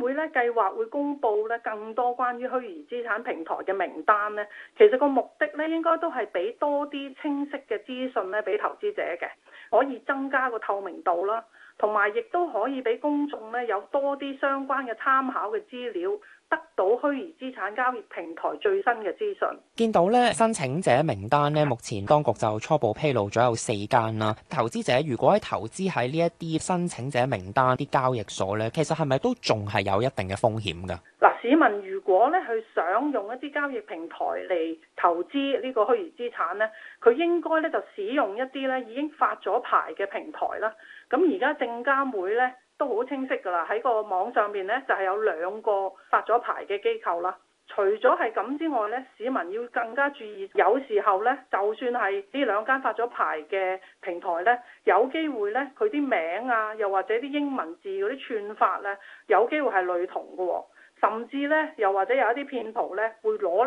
會咧計劃會公佈咧更多關於虛擬資產平台嘅名單咧，其實個目的咧應該都係俾多啲清晰嘅資訊咧俾投資者嘅，可以增加個透明度啦，同埋，亦都可以俾公眾咧有多啲相關嘅參考嘅資料，得到虛擬資產交易平台最新嘅資訊。見到咧，申請者名單咧，目前當局就初步披露咗有四間啦。投資者如果喺投資喺呢一啲申請者名單啲交易所咧，其實係咪都仲係有一定嘅風險㗎？嗱。市民如果咧佢想用一啲交易平台嚟投資呢個虛擬資產咧，佢應該咧就使用一啲咧已經發咗牌嘅平台啦。咁而家證監會咧都好清晰㗎啦，喺個網上邊咧就係有兩個發咗牌嘅機構啦。除咗係咁之外咧，市民要更加注意，有時候咧就算係呢兩間發咗牌嘅平台咧，有機會咧佢啲名啊，又或者啲英文字嗰啲串法咧，有機會係類同㗎喎。甚至咧，又或者有一啲騙徒咧，會攞嚟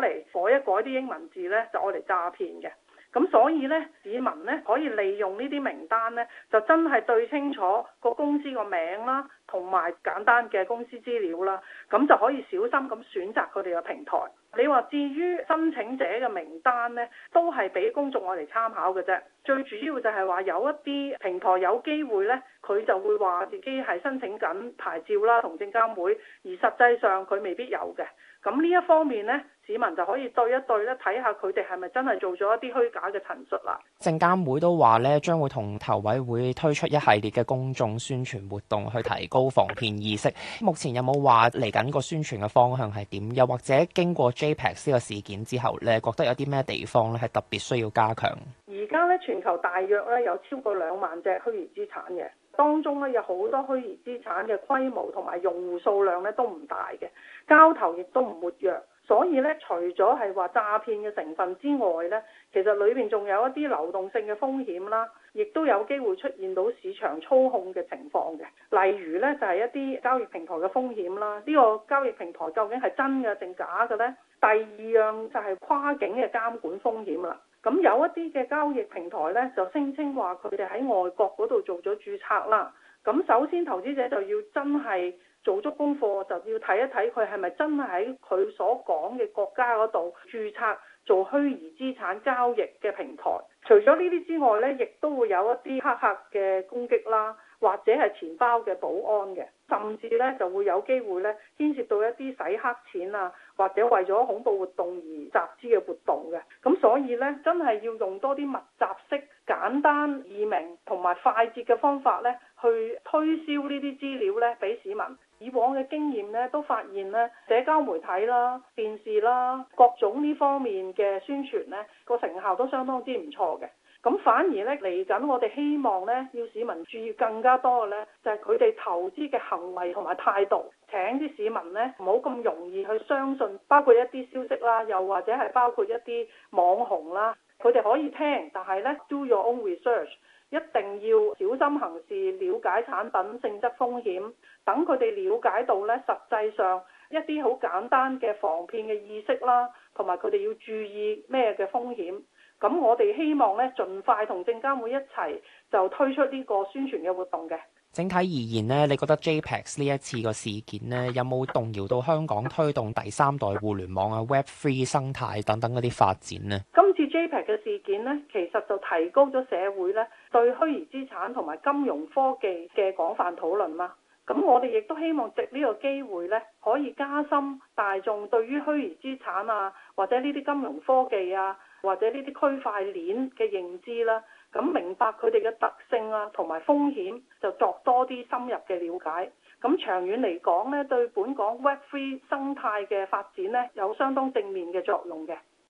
改一改啲英文字咧，就攞嚟詐騙嘅。咁所以咧，市民咧可以利用呢啲名單咧，就真係對清楚個公司個名啦。同埋簡單嘅公司資料啦，咁就可以小心咁選擇佢哋嘅平台。你話至於申請者嘅名單呢，都係俾公眾我哋參考嘅啫。最主要就係話有一啲平台有機會呢，佢就會話自己係申請緊牌照啦，同證監會，而實際上佢未必有嘅。咁呢一方面呢，市民就可以對一對咧，睇下佢哋係咪真係做咗一啲虛假嘅陳述啦。證監會都話呢，將會同投委會推出一系列嘅公眾宣傳活動去提供防騙意識，目前有冇話嚟緊個宣傳嘅方向係點？又或者經過 JPEX 呢個事件之後咧，你覺得有啲咩地方咧係特別需要加強？而家咧，全球大約咧有超過兩萬隻虛擬資產嘅，當中咧有好多虛擬資產嘅規模同埋用戶數量咧都唔大嘅，交投亦都唔活躍，所以咧除咗係話詐騙嘅成分之外咧，其實裏邊仲有一啲流動性嘅風險啦。亦都有機會出現到市場操控嘅情況嘅，例如呢，就係一啲交易平台嘅風險啦，呢個交易平台究竟係真嘅定假嘅呢？第二樣就係跨境嘅監管風險啦。咁有一啲嘅交易平台呢，就聲稱話佢哋喺外國嗰度做咗註冊啦。咁首先投資者就要真係做足功課，就要睇一睇佢係咪真係喺佢所講嘅國家嗰度註冊做虛擬資產交易嘅平台。除咗呢啲之外呢，亦都會有一啲黑客嘅攻擊啦，或者係錢包嘅保安嘅，甚至呢就會有機會呢牽涉到一啲洗黑錢啊，或者為咗恐怖活動而集資嘅活動嘅。咁所以呢，真係要用多啲密集式、簡單、易明同埋快捷嘅方法呢，去推銷呢啲資料呢，俾市民。以往嘅經驗咧，都發現咧，社交媒體啦、電視啦、各種呢方面嘅宣傳咧，個成效都相當之唔錯嘅。咁反而咧，嚟緊我哋希望咧，要市民注意更加多嘅咧，就係佢哋投資嘅行為同埋態度。請啲市民咧，唔好咁容易去相信，包括一啲消息啦，又或者係包括一啲網紅啦，佢哋可以聽，但係咧，do your own research。一定要小心行事，了解產品性質風險，等佢哋了解到咧，實際上一啲好簡單嘅防騙嘅意識啦，同埋佢哋要注意咩嘅風險，咁我哋希望咧，盡快同證監會一齊就推出呢個宣傳嘅活動嘅。整體而言咧，你覺得 JPEX 呢一次個事件咧，有冇動搖到香港推動第三代互聯網啊 Web3 生態等等嗰啲發展咧？今次，嘅事件咧，其實就提高咗社會咧對虛擬資產同埋金融科技嘅廣泛討論啦。咁我哋亦都希望藉呢個機會咧，可以加深大眾對於虛擬資產啊，或者呢啲金融科技啊，或者呢啲區塊鏈嘅認知啦。咁明白佢哋嘅特性啊，同埋風險，就作多啲深入嘅了解。咁長遠嚟講咧，對本港 Web3 生態嘅發展咧，有相當正面嘅作用嘅。